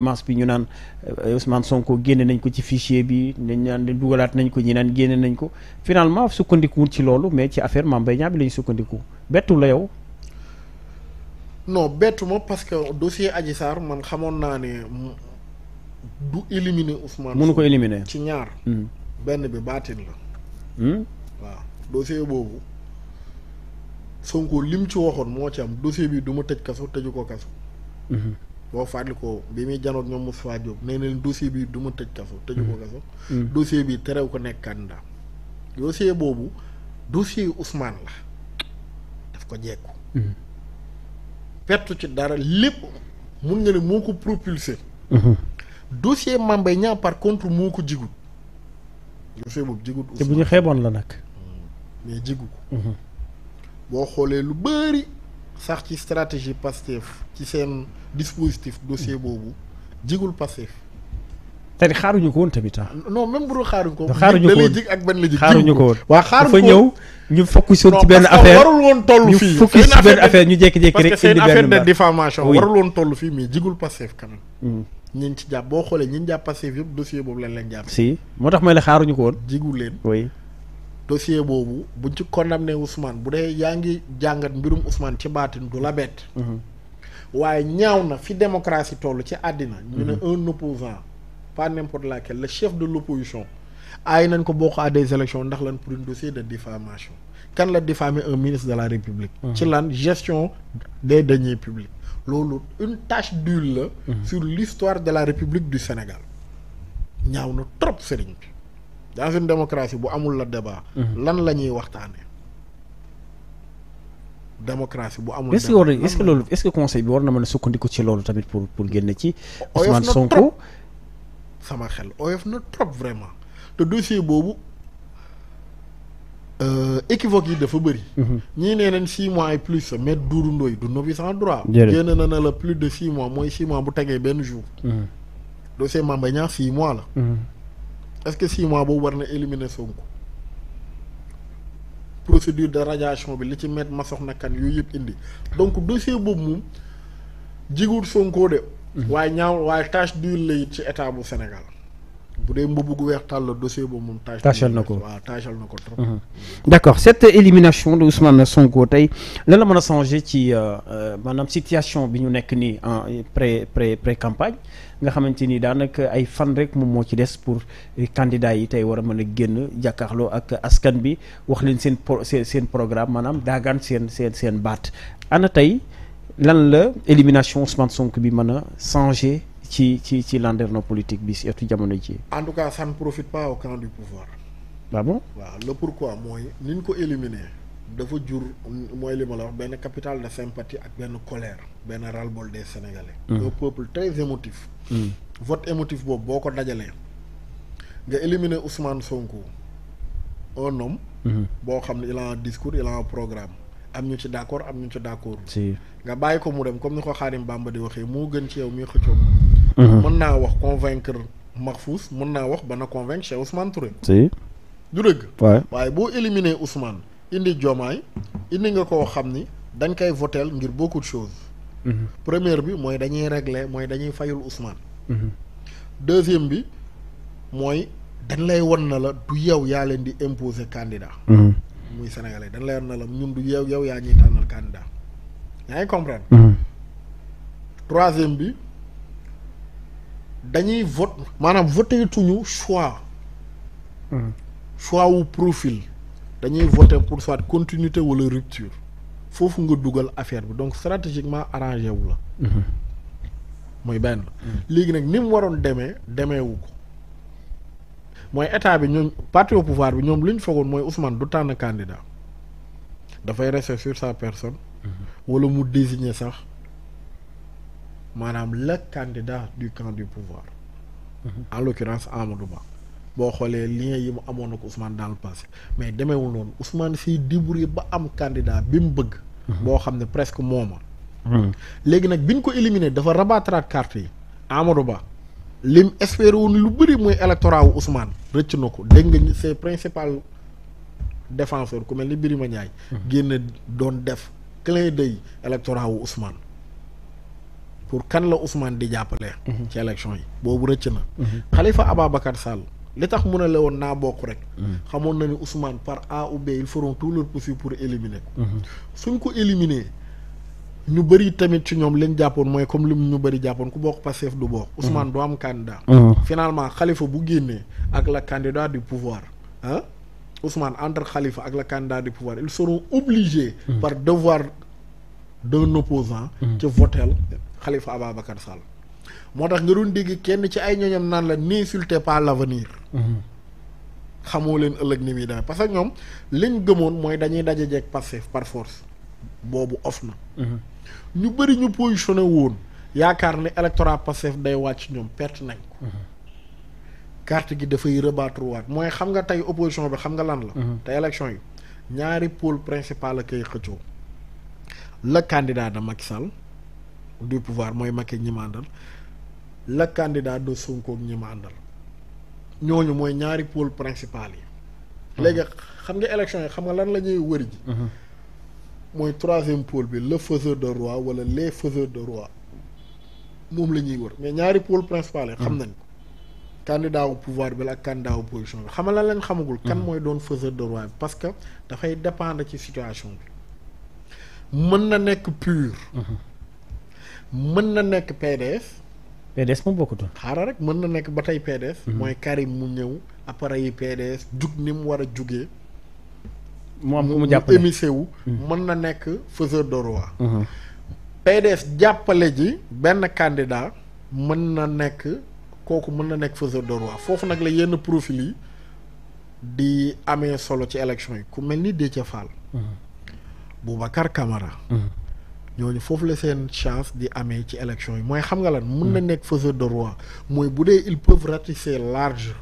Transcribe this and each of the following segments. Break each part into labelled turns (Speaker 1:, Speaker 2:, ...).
Speaker 1: mars bi ñu naan euh, Ousmane Sonko génne nañ ko ci fichier bi nañ naan dugalaat nañ ko ñi naan génnee nañ ko finalement sukkandikuwul ci loolu mais ci affaire Mame Mbaye Niang bi la ñu sukkandiku bettu la yow.
Speaker 2: no bettu ma parce que dossier Adji Sarr man xamoon naa ne du éliminer Ousmane. mënu ko éliminer ci ñaar. Hmm. benn bi baatin la. Hmm? waaw dossier boobu Sonko lim ci waxoon moo ci am dossier bi duma ma tëj kaso tëju ko kaso. Hmm. boo fàttalikoo bi muy janoog ñoom Moustapha Diop ne na leen dossier bi du ma tëj kaso mm-hmm. tëju ko kaso mm-hmm. dossier bi terew ko nekk candidat dossier boobu dossier yu Ousmane la daf ko jekku mm-hmm. pertu ci dara lépp mun nga ne moo ko propulsé dossier Mame Mbaye Niang par contre moo ko jigut dossier boobu jigut te bu ñu xeeboon la nag mm. mais jigu ko boo xoolee lu bëri sax ci stratégie Pastef ci seen dispositif dossier mm. boobu jigul Pastef. c'est-à-dire
Speaker 1: xaaruñu ko woon tamit ah.
Speaker 2: non même xaaruñu ko. xaaruñu ko woon jig ak benn xaaruñu ko woon waa xaaruñu ko dafa ñëw
Speaker 1: ñu focus woon ci benn affaire fii. ñu focus ci benn affaire ñu jékki-jékki rek. que affaire
Speaker 2: de mais jigul Pastef quand même. Mm. ci jàpp boo xoolee ñi ñu jàpp Pastef yëpp dossier boobu lañ leen jàpp.
Speaker 1: si moo tax may la xaaruñu ko woon. jigul leen
Speaker 2: dossier boobu buñ ci condamné Ousmane bu dee yaa ngi jàngat mbirum Ousmane ci baatin du la bett. Mhm. waaye ñaaw na fi démocratie toll ci àddina. ñu ne mhm. un opposant pas n'importe laquelle le chef de l'opposition aay nañ ko bokk à des ndax lan pour un dossier de diffamation kan la diffamer un ministre de la république. Mhm. ci lan gestion des deniers publics. loolu une tache du la. sur l'histoire de la république du Sénégal ñaaw na trop sëriñ bi. dans une démocratie bu amul la débat. Mhm. lan la ñuy waxtaanee. démocratie bu amul. est ce que war nañ est ce que loolu
Speaker 1: est ce que conseil bi war na mën a sukkandiku ci loolu tamit pour pour génne ci. Ousmane Sonko
Speaker 2: sama xel oyof na trop vraiment te dossier boobu euh, équivoque yi dafa bëri. Mhm. ñii nee nañ six mois et plus mais Doudou Ndoye du novice en droit. génn na na la plus de six mois mooy six mois bu tegee benn jour. Mhm. dossier Mame Mbaye Niang six mois la. est-ce que six mois war na éliminer Sonko procédure de rajation bi li ci met ma soxna kan yooyu yëpp indi donc dossier boobu moom jigul Sonko de. Mm-hmm. waaye ñaaw waaye tâche d'huile la ci état bu Sénégal. bu dee mbubb gu weex tàll dossier boobu moom. tàccal na ko waaw na ko trop.
Speaker 1: Mhm. d' accord cette élimination de Ousmane Sonko tey lan la mën a changer ci euh, euh, maanaam situation bi ñu nekk nii en pré pré pré campagne nga xamante ni daanaka ay fan rek moom moo ci des pour candidats yi tey war a mën a génn jàkkaarloo ak askan bi wax leen seen pro seen programme maanaam daagaan seen seen seen baat ana tey lan la élimination Ousmane sonk bi mën a changer. ci ci ci landerneau politique bi surtout jamono ji
Speaker 2: en tout cas ça ne profite pas au camp du pouvoir ah bon waaw le pourquoi mooy ni ko éliminer dafa jur mooy li ma la wax benn capital de sympathie ak benn colère benn ras-le-bol des sénégalais mmh. un peuple très émotif hmm. vote émotif boobu boo ko dajalee nga éliminer Ousmane Sonko un homme hmm. boo xam ne il a un discours il a un programme am ñu ci d'accord am ñu ci d'accord nga bàyyi ko mu dem comme ni ko Xaadim Bamba di waxee moo gën ci yow mii xëccoo Mhm. mën naa wax convaincre Mahfous mën naa wax ba na convaincre Cheikh Ousmane Touré. si. du waaye ouais. boo éliminer Ousmane indi Diomaye indi nga koo xam ni dañ koy voteel ngir beaucoup de mhm. première bi mooy dañuy régler mooy dañuy fayul Ousmane. Mhm. bi mooy dañ lay wan na la du yow yaa leen di imposer candidat. muy mm -hmm. sénégalais na la ñun du yow yow yaa ñuy tànnal candidat yaa ngi bi. dañuy vote maanaam voté tuñu hmm. choix. wu profil. dañuy voté pour soit continuité wala rupture foofu nga dugal affaire bi donc stratégiquement arrangé wu la. Hmm. mooy benn. Hmm. léegi nag ni mu waroon demee demee ko. mooy état bi ñoom parti au pouvoir bi ñoom li ñu foogoon mooy Ousmane du tànn candidat dafay rester sur sa personne. wala mu désigner sax. maanaam le candidat du camp du pouvoir mm-hmm. en l'occurrence Amadou Ba boo xoolee lien yi mu amoon na ko Ousmane daan le passé mais demeewul noonu Ousmane siy débrouillé ba am candidat bi mu bëgg mm-hmm. boo xam ne presque mooma mm-hmm. léegi nag bi ñu ko éliminé dafa rabattraat carte yi Amadou Ba lim espéré lu bëri mooy électorat wu Ousmane rëcc na ko dégg nga ses principal défenseur ku mel ni Birima Ndiaye génn doon def clin d'œil électorat wu Ousmane pour kan la Ousmane di jàppale. Mhm. ci élection yi boobu rëcc na. Mhm. Khalifa Ababacar Sall li tax mu ne la woon naa bokk rek. Mhm. xamoon na ni Ousmane par A ou B ils feront tout leur possible pour éliminer ko. suñ ko éliminer ñu bëri tamit ci ñoom leen jàppoon mooy comme li mu ñu bëri jàppoon ku bokk Pastef du bokk. Ousmane du am candidat. finalement Khalifa bu génnee ak la candidat du pouvoir ah Ousmane entre xalifa ak la candidat du pouvoir ils seront obligés. par devoir. d'un opposant mm-hmm. ci votel Khalifa Ababacar Sall moo tax nga doon dégg kenn ci ay ñooñam naan la n'insultez pas l'avenir mm-hmm. xamoo leen ëllëg ni muy demee parce que ñoom liñ gëmoon mooy dañuy daje jeeg passé par force boobu off na mm-hmm. ñu bëri ñu positionné woon yaakaar ne électorat Pastef day wàcc ñoom perte nag ko gi dafay rebattre waat mooy xam nga tey opposition bi xam nga lan la te élection yi ñaari pôle principal la koy xëccoo le candidat de Macky Sall du pouvoir mooy Macky ñi ma àndal le candidat de Sonko ñooñu mooy ñaari pole principal yi. Mhm. léegi xam nga élection yi xam nga lan la ñuy wëri ji. Mhm. mooy troisième pôle bi le faiseur de roi wala les faiseurs de roi moom la ñuy wër mais ñaari pôle principal yi. xam mhm. nañ ko. candidat pouvoir bi la ak candidat position bi xam nga lan lañ xamagul. kan mooy doon faiseur de roi bi parce que dafay dépendre ci situation bi. mën na nekk PUR. mën na nekk PDS. PDS moom bokkutul. xaaral rek mën na nekk ba tey PDS. Mhm. mooy Karim mu ñëw appareil yi PDS jug ni mu war a jugee. mu am mu jàppale émissé wu. Mhm. mën na nekk faiseur de roi. Mhm. PDS jàppale ji benn candidat mën na nekk kooku mën na nekk faiseur de roi foofu nag la yenn profil yi di amee solo ci élection yi ku mel ni Déthié Fall. Boubacar Camara. Mm-hmm. ñooñu foofu la seen chance di amee ci élection yi mooy xam nga lan. mun na nekk faiseur de roi mooy bu dee ils peuvent ratisser large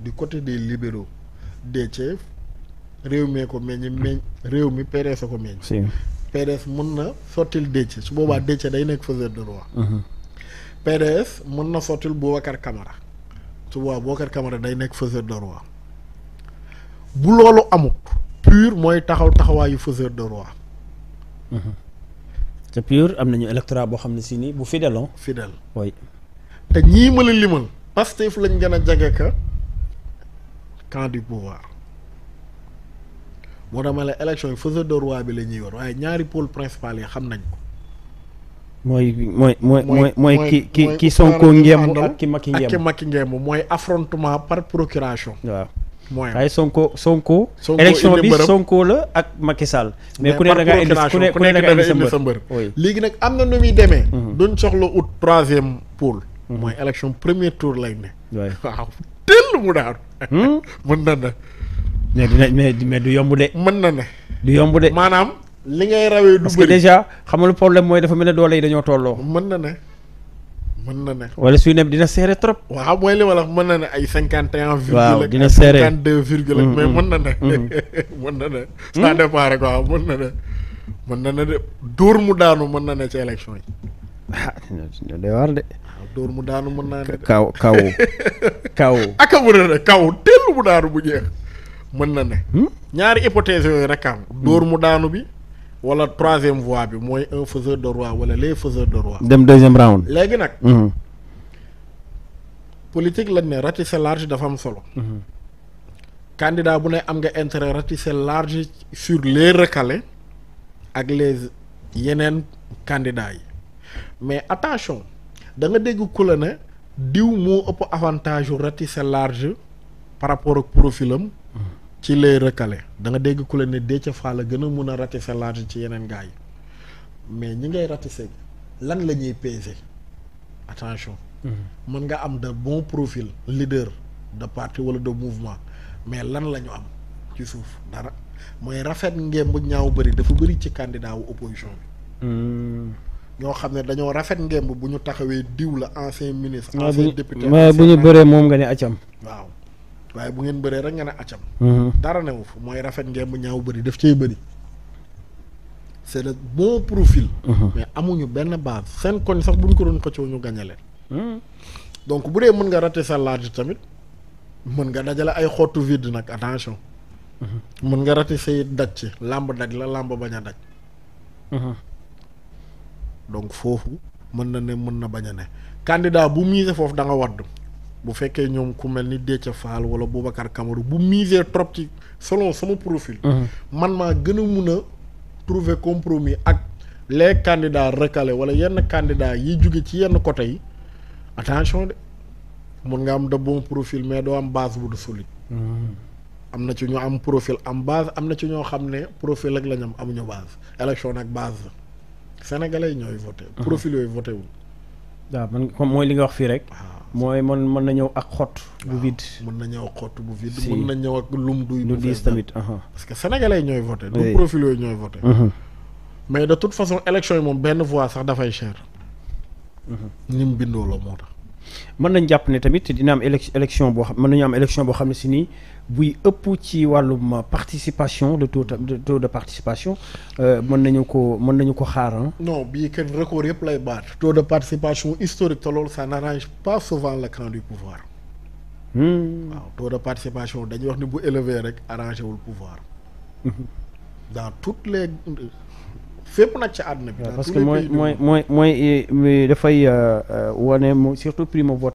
Speaker 2: du côté des libéraux Déthié réew mee ko meññ meñ réew mi PDS ko meññ. PDS mën na sottil Déthié su boobaa mm-hmm. Déthié day nekk faiseur de roi. Mm-hmm. PDS mun na sottil Boubacar Camara su boobaa Boubacar Camara day nekk faiseur de roi bu loolu amut. pur mooy taxaw taxawaayu faiseur de roi. Mhm.
Speaker 1: te pur am nañu électorat boo xam ne si ni bu fideloo on. fidèle oui. te
Speaker 2: ñii ma la limal. Pastef lañ gën a jege ka camp du pouvoir moo tax ma la élection de roi bi la ñuy waaye ñaari pôle principal yi xam nañ ko.
Speaker 1: mooy mooy mooy mooy mooy ki ki ki Sonko ngemb ak ki Macky
Speaker 2: ngemb ak mooy affrontement par procuration. waaw. moyen waaye Sonko Sonko. Sonko bi Sonko la ak Macky Sall. mais ku ne da ngaa indi ku ne ku ne da ngaa indi sa mbër léegi nag am na nu muy demee. Mhm. duñ soxla ut troisième pôle. Mhm. mooy élection premier tour lay ne. waaw teel mu daal. Hmm? mën na na. mais du mais du yomb de. mën na na. du yomb de maanaam. li ngay rawee du bëri parce que déjà xam nga lu problème mooy dafa mel ne doole yi dañoo tolloo. mën na ne. mën na ne wala
Speaker 1: suy ne dina seere
Speaker 2: trop. waaw mooy li ma mën na ne ay cinquante et un virgule. dina seere mais mm-hmm. mën na ne. Mm-hmm. mën na ne. ça dépend rek waaw mën na ne. mën na ne de dóor mu daanu mën na ne ci élection yi.
Speaker 1: Ah, waaw
Speaker 2: dóor mu daanu mën naa ne
Speaker 1: kaw kaw kaw.
Speaker 2: ak mën a ne kaw teel mu daanu bu jeex mën na ne. Hmm? ñaari hypothèse yooyu rek am. dóor mu daanu bi. wala troisième voie bi mooy un faiseur de roi wala les faiseurs de roi.
Speaker 1: dem deuxième round. léegi nag. Mhm.
Speaker 2: politique lañ ne ratisser large dafa am solo. Mhm. candidat bu ne am nga intérêt ratisser large sur les recalés ak les yeneen candidats yi mais attention da nga dégg ku la ne diw moo ëpp avantage rati ratisser large par rapport ak profilam. Mhm. ci les recalés da nga dégg ku la ne Déthié Fall la gën a mun a ratisser large ci yeneen gars yi mais ñi ngay ratisser lan la ñuy peser attention. Mm-hmm. mën nga am de bon profile leader de parti wala de mouvement mais lan la ñu am ci suuf dara mooy rafet ngemb ñaaw bëri dafa bëri ci candidat wu opposition bi. Mm-hmm. ñoo xam ne dañoo rafet ngemb bu ñu taxawee diw la ancien ministre. Ah, ancien député mais bu ñu bëree
Speaker 1: moom nga ne acam waaw.
Speaker 2: waaye bu ngeen bëree rek nga ne acam mhm. dara newu fa mooy rafet ngeen bu ñaaw bëri def cay bëri c'est le bon profile mhm. mais amuñu benn base seen koñ sax buñ ko doon xëccoo ñu gañaleen mhm. donc bu dee mën nga rater sa large tamit mën nga dajale ay xottu vide nag attention mën nga rater say daj ci làmb daj la làmb bañ a daj donc foofu mën na ne mën na bañ a ne candidat bu miise foofu da nga wadd bu fekkee ñoom ku mel ni ca Fall wala Boubacar Camara bu miser trop ci selon sama profil. Mhm. man maa gën a mun a trouver compromis ak les candidats recalés wala yenn candidats yi jóge ci yenn côté yi attention de mun nga am de bon profil mais doo am base bu du solide. Mhm. am na ci ñu am profil am base am na ci ñoo xam ne profil rek la ñu amuñu base élection nag base la sénégalais ñooy voté. Mhm. profil yooyu voté
Speaker 1: waaw man comme mooy li nga wax fii rek. Ah,
Speaker 2: mooy man mën na ñëw ak xot bu ah, vide. mën na ñëw ak xott bu vide. mën na ñëw ak lum duy. lu diis tamit. Uh-huh. parce que sénégalais ñooy voté. du profil ñooy voté. Mm-hmm. mais de toute façon élection yi moom benn voix sax dafay cher. Mm-hmm. ni mu bindoo la moo
Speaker 1: tax. mën nañ jàpp ne tamit dina am élec élection boo xam mën nañu am élection boo xam ne si nii buy ëpp ci wàllum participation le taux de taux de participation euh, mën nañu ko mën nañu ko xaar
Speaker 2: non bi kenn recours yëpp lay baat taux de participation historique te loolu ça n'arrange pas souvent le camp du pouvoir hmm. waaw taux de participation dañuy wax ni bu élevé rek arrangé wul pouvoir dans toutes les fépp nag ci àdduna bi. parce que mooy mooy
Speaker 1: mooy euh, mooy dafay euh, euh, wane surtout primo vote